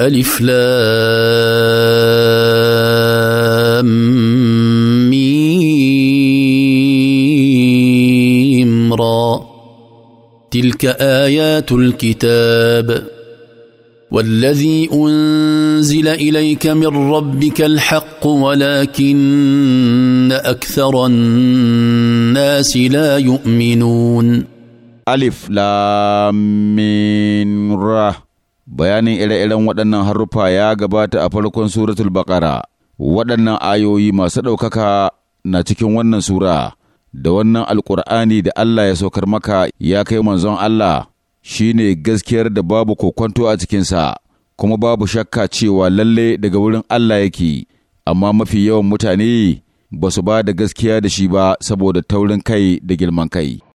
ألف لام ميم را تلك آيات الكتاب والذي أنزل إليك من ربك الحق ولكن أكثر الناس لا يؤمنون ألف لام ميم را Bayanin ire-iren waɗannan haruffa ya gabata a farkon suratul baƙara. Waɗannan ayoyi masu ɗaukaka na cikin wannan sura da wannan alƙur'ani da Allah ya saukar maka ya kai manzon Allah shi ne gaskiyar da babu kokwanto a cikinsa, kuma babu shakka cewa lalle daga wurin Allah yake, amma mafi yawan mutane ba su ba da gaskiya da shi ba saboda taurin kai da girman kai.